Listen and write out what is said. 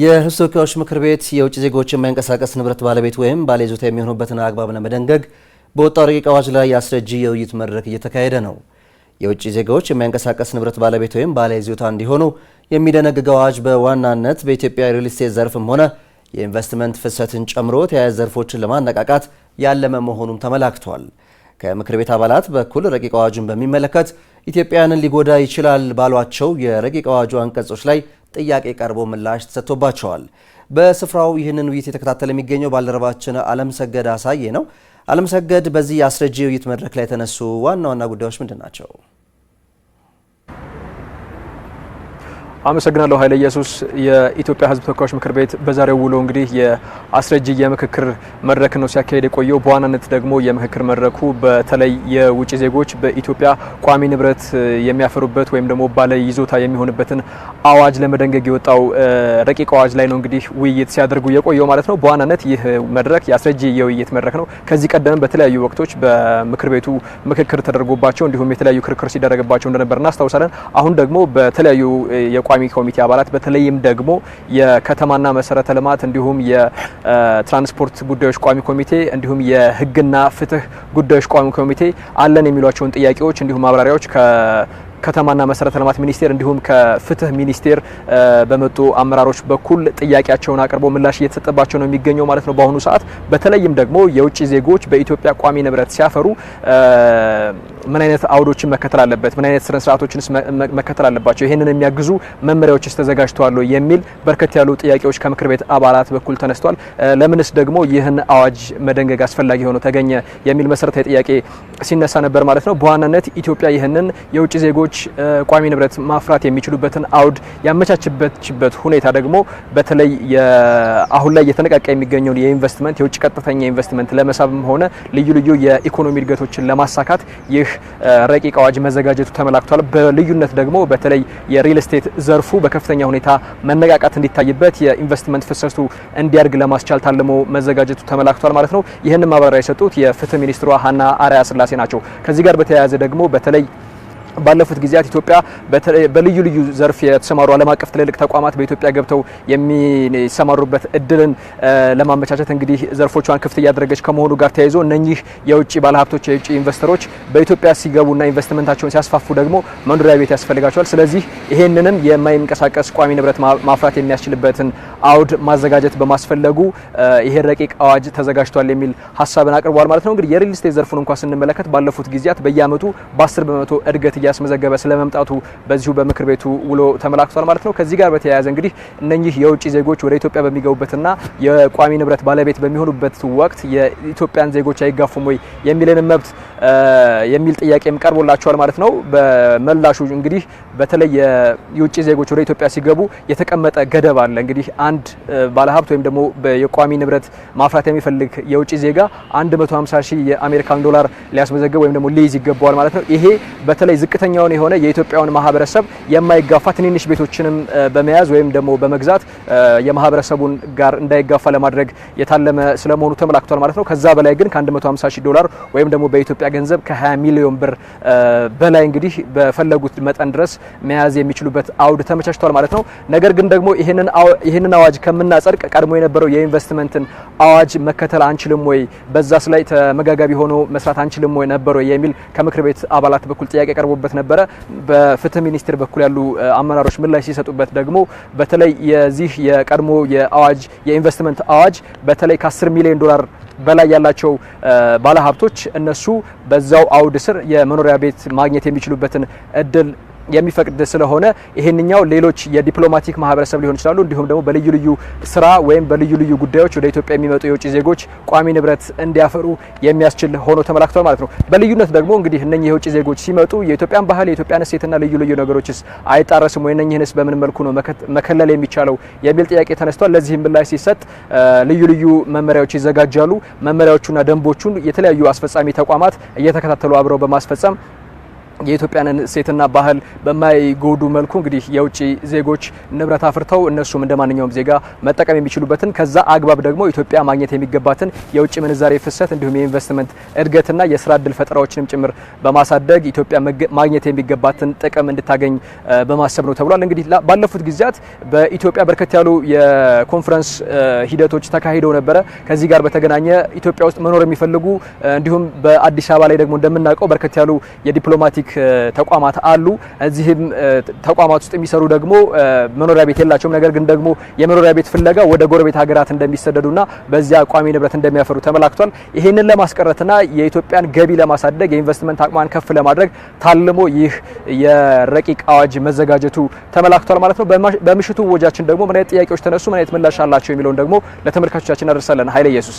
የሕዝብ ተወካዮች ምክር ቤት የውጭ ዜጎች የማይንቀሳቀስ ንብረት ባለቤት ወይም ባለይዞታ የሚሆኑበትን አግባብ ለመደንገግ በወጣው ረቂቅ አዋጅ ላይ የአስረጂ የውይይት መድረክ እየተካሄደ ነው። የውጭ ዜጋዎች የማይንቀሳቀስ ንብረት ባለቤት ወይም ባለይዞታ እንዲሆኑ የሚደነግገው አዋጅ በዋናነት በኢትዮጵያ ሪል ስቴት ዘርፍም ሆነ የኢንቨስትመንት ፍሰትን ጨምሮ ተያያዥ ዘርፎችን ለማነቃቃት ያለመ መሆኑም ተመላክቷል። ከምክር ቤት አባላት በኩል ረቂቅ አዋጁን በሚመለከት ኢትዮጵያውያንን ሊጎዳ ይችላል ባሏቸው የረቂቅ አዋጁ አንቀጾች ላይ ጥያቄ ቀርቦ ምላሽ ተሰጥቶባቸዋል። በስፍራው ይህንን ውይይት የተከታተለ የሚገኘው ባልደረባችን አለም ሰገድ አሳየ ነው። አለም ሰገድ፣ በዚህ የአስረጂ ውይይት መድረክ ላይ የተነሱ ዋና ዋና ጉዳዮች ምንድን ናቸው? አመሰግናለሁ ኃይለ ኢየሱስ። የኢትዮጵያ ሕዝብ ተወካዮች ምክር ቤት በዛሬው ውሎ እንግዲህ የአስረጂ የምክክር መድረክ ነው ሲያካሄድ የቆየው። በዋናነት ደግሞ የምክክር መድረኩ በተለይ የውጭ ዜጎች በኢትዮጵያ ቋሚ ንብረት የሚያፈሩበት ወይም ደግሞ ባለ ይዞታ የሚሆንበትን አዋጅ ለመደንገግ የወጣው ረቂቅ አዋጅ ላይ ነው እንግዲህ ውይይት ሲያደርጉ የቆየው ማለት ነው። በዋናነት ይህ መድረክ የአስረጅ የውይይት መድረክ ነው። ከዚህ ቀደም በተለያዩ ወቅቶች በምክር ቤቱ ምክክር ተደርጎባቸው እንዲሁም የተለያዩ ክርክር ሲደረግባቸው እንደነበር እናስታውሳለን። አሁን ደግሞ በተለያዩ ቋሚ ኮሚቴ አባላት በተለይም ደግሞ የከተማና መሰረተ ልማት እንዲሁም የትራንስፖርት ጉዳዮች ቋሚ ኮሚቴ እንዲሁም የህግና ፍትህ ጉዳዮች ቋሚ ኮሚቴ አለን የሚሏቸውን ጥያቄዎች እንዲሁም ማብራሪያዎች ከተማና መሰረተ ልማት ሚኒስቴር እንዲሁም ከፍትህ ሚኒስቴር በመጡ አመራሮች በኩል ጥያቄያቸውን አቅርቦ ምላሽ እየተሰጠባቸው ነው የሚገኘው ማለት ነው። በአሁኑ ሰዓት በተለይም ደግሞ የውጭ ዜጎች በኢትዮጵያ ቋሚ ንብረት ሲያፈሩ ምን አይነት አውዶችን መከተል አለበት? ምን አይነት ስነ መከተል አለባቸው? ይህንን የሚያግዙ መመሪያዎችስ ተዘጋጅተዋል የሚል በርከት ያሉ ጥያቄዎች ከምክር ቤት አባላት በኩል ተነስተዋል። ለምንስ ደግሞ ይህን አዋጅ መደንገግ አስፈላጊ ሆኖ ተገኘ የሚል መሰረታዊ ጥያቄ ሲነሳ ነበር ማለት ነው። በዋናነት ኢትዮጵያ ይህንን የውጭ ዜጎች ዜጎች ቋሚ ንብረት ማፍራት የሚችሉበትን አውድ ያመቻችበችበት ሁኔታ ደግሞ በተለይ አሁን ላይ እየተነቃቃ የሚገኘውን የኢንቨስትመንት የውጭ ቀጥተኛ ኢንቨስትመንት ለመሳብም ሆነ ልዩ ልዩ የኢኮኖሚ እድገቶችን ለማሳካት ይህ ረቂቅ አዋጅ መዘጋጀቱ ተመላክቷል። በልዩነት ደግሞ በተለይ የሪል ስቴት ዘርፉ በከፍተኛ ሁኔታ መነቃቃት እንዲታይበት የኢንቨስትመንት ፍሰቱ እንዲያድግ ለማስቻል ታልሞ መዘጋጀቱ ተመላክቷል ማለት ነው። ይህንን ማብራሪያ የሰጡት የፍትህ ሚኒስትሯ ሀና አርአያ ስላሴ ናቸው። ከዚህ ጋር በተያያዘ ደግሞ በተለይ ባለፉት ጊዜያት ኢትዮጵያ በልዩ ልዩ ዘርፍ የተሰማሩ ዓለም አቀፍ ትልልቅ ተቋማት በኢትዮጵያ ገብተው የሚሰማሩበት እድልን ለማመቻቸት እንግዲህ ዘርፎቿን ክፍት እያደረገች ከመሆኑ ጋር ተያይዞ እነኚህ የውጭ ባለሀብቶች የውጭ ኢንቨስተሮች በኢትዮጵያ ሲገቡና ኢንቨስትመንታቸውን ሲያስፋፉ ደግሞ መኖሪያ ቤት ያስፈልጋቸዋል። ስለዚህ ይሄንንም የማይንቀሳቀስ ቋሚ ንብረት ማፍራት የሚያስችልበትን አውድ ማዘጋጀት በማስፈለጉ ይሄ ረቂቅ አዋጅ ተዘጋጅቷል የሚል ሀሳብን አቅርቧል ማለት ነው። እንግዲህ የሪል ስቴት ዘርፉን እንኳ ስንመለከት ባለፉት ጊዜያት በየአመቱ በ10 በመቶ እድገት እያስመዘገበ ስለመምጣቱ በዚሁ በምክር ቤቱ ውሎ ተመላክቷል ማለት ነው። ከዚህ ጋር በተያያዘ እንግዲህ እነኚህ የውጭ ዜጎች ወደ ኢትዮጵያ በሚገቡበትና የቋሚ ንብረት ባለቤት በሚሆኑበት ወቅት የኢትዮጵያን ዜጎች አይጋፉም ወይ የሚልን መብት የሚል ጥያቄም ቀርቦላቸዋል ማለት ነው። በመላሹ እንግዲህ በተለይ የውጭ ዜጎች ወደ ኢትዮጵያ ሲገቡ የተቀመጠ ገደብ አለ። እንግዲህ አንድ ባለሀብት ወይም ደግሞ የቋሚ ንብረት ማፍራት የሚፈልግ የውጭ ዜጋ 150 ሺህ የአሜሪካን ዶላር ሊያስመዘግብ ወይም ደግሞ ሊይዝ ይገባዋል ማለት ነው። ይሄ በተለይ ዝቅተኛውን የሆነ የኢትዮጵያውን ማህበረሰብ የማይጋፋ ትንንሽ ቤቶችንም በመያዝ ወይም ደግሞ በመግዛት የማህበረሰቡን ጋር እንዳይጋፋ ለማድረግ የታለመ ስለመሆኑ ተመላክቷል ማለት ነው። ከዛ በላይ ግን ከ150 ሺህ ዶላር ወይም ደግሞ በኢትዮጵያ ገንዘብ ከ20 ሚሊዮን ብር በላይ እንግዲህ በፈለጉት መጠን ድረስ መያዝ የሚችሉበት አውድ ተመቻችቷል ማለት ነው። ነገር ግን ደግሞ ይህንን አዋጅ ከምናጸድቅ ቀድሞ የነበረው የኢንቨስትመንትን አዋጅ መከተል አንችልም ወይ፣ በዛስ ላይ ተመጋጋቢ ሆኖ መስራት አንችልም ወይ ነበረ የሚል ከምክር ቤት አባላት በኩል ጥያቄ ቀርቦ ሲነገርበት ነበረ። በፍትህ ሚኒስቴር በኩል ያሉ አመራሮች ምላሽ ሲሰጡበት ደግሞ በተለይ የዚህ የቀድሞ የአዋጅ የኢንቨስትመንት አዋጅ በተለይ ከ10 ሚሊዮን ዶላር በላይ ያላቸው ባለሀብቶች እነሱ በዛው አውድ ስር የመኖሪያ ቤት ማግኘት የሚችሉበትን እድል የሚፈቅድ ስለሆነ ይሄንኛው ሌሎች የዲፕሎማቲክ ማህበረሰብ ሊሆን ይችላሉ እንዲሁም ደግሞ በልዩ ልዩ ስራ ወይም በልዩ ልዩ ጉዳዮች ወደ ኢትዮጵያ የሚመጡ የውጭ ዜጎች ቋሚ ንብረት እንዲያፈሩ የሚያስችል ሆኖ ተመላክቷል ማለት ነው። በልዩነት ደግሞ እንግዲህ እነኚህ የውጭ ዜጎች ሲመጡ የኢትዮጵያን ባህል፣ የኢትዮጵያን እሴትና ልዩ ልዩ ነገሮችስ አይጣረስም ወይ? እነኚህንስ በምን መልኩ ነው መከለል የሚቻለው የሚል ጥያቄ ተነስቷል። ለዚህም ምላሽ ሲሰጥ ልዩ ልዩ መመሪያዎች ይዘጋጃሉ። መመሪያዎቹና ደንቦቹን የተለያዩ አስፈጻሚ ተቋማት እየተከታተሉ አብረው በማስፈጸም የኢትዮጵያንን እሴትና ባህል በማይጎዱ መልኩ እንግዲህ የውጭ ዜጎች ንብረት አፍርተው እነሱም እንደ ማንኛውም ዜጋ መጠቀም የሚችሉበትን ከዛ አግባብ ደግሞ ኢትዮጵያ ማግኘት የሚገባትን የውጭ ምንዛሬ ፍሰት እንዲሁም የኢንቨስትመንት እድገትና የስራ እድል ፈጠራዎችንም ጭምር በማሳደግ ኢትዮጵያ ማግኘት የሚገባትን ጥቅም እንድታገኝ በማሰብ ነው ተብሏል። እንግዲህ ባለፉት ጊዜያት በኢትዮጵያ በርከት ያሉ የኮንፈረንስ ሂደቶች ተካሂደው ነበረ። ከዚህ ጋር በተገናኘ ኢትዮጵያ ውስጥ መኖር የሚፈልጉ እንዲሁም በአዲስ አበባ ላይ ደግሞ እንደምናውቀው በርከት ያሉ የዲፕሎማቲክ ተቋማት አሉ። እዚህም ተቋማት ውስጥ የሚሰሩ ደግሞ መኖሪያ ቤት የላቸውም። ነገር ግን ደግሞ የመኖሪያ ቤት ፍለጋ ወደ ጎረቤት ሀገራት እንደሚሰደዱና በዚያ ቋሚ ንብረት እንደሚያፈሩ ተመላክቷል። ይህንን ለማስቀረትና የኢትዮጵያን ገቢ ለማሳደግ የኢንቨስትመንት አቅሟን ከፍ ለማድረግ ታልሞ ይህ የረቂቅ አዋጅ መዘጋጀቱ ተመላክቷል ማለት ነው። በምሽቱ ወጃችን ደግሞ ምን አይነት ጥያቄዎች ተነሱ፣ ምን አይነት ምላሽ አላቸው የሚለውን ደግሞ ለተመልካቾቻችን አደርሳለን። ኃይለ ኢየሱስ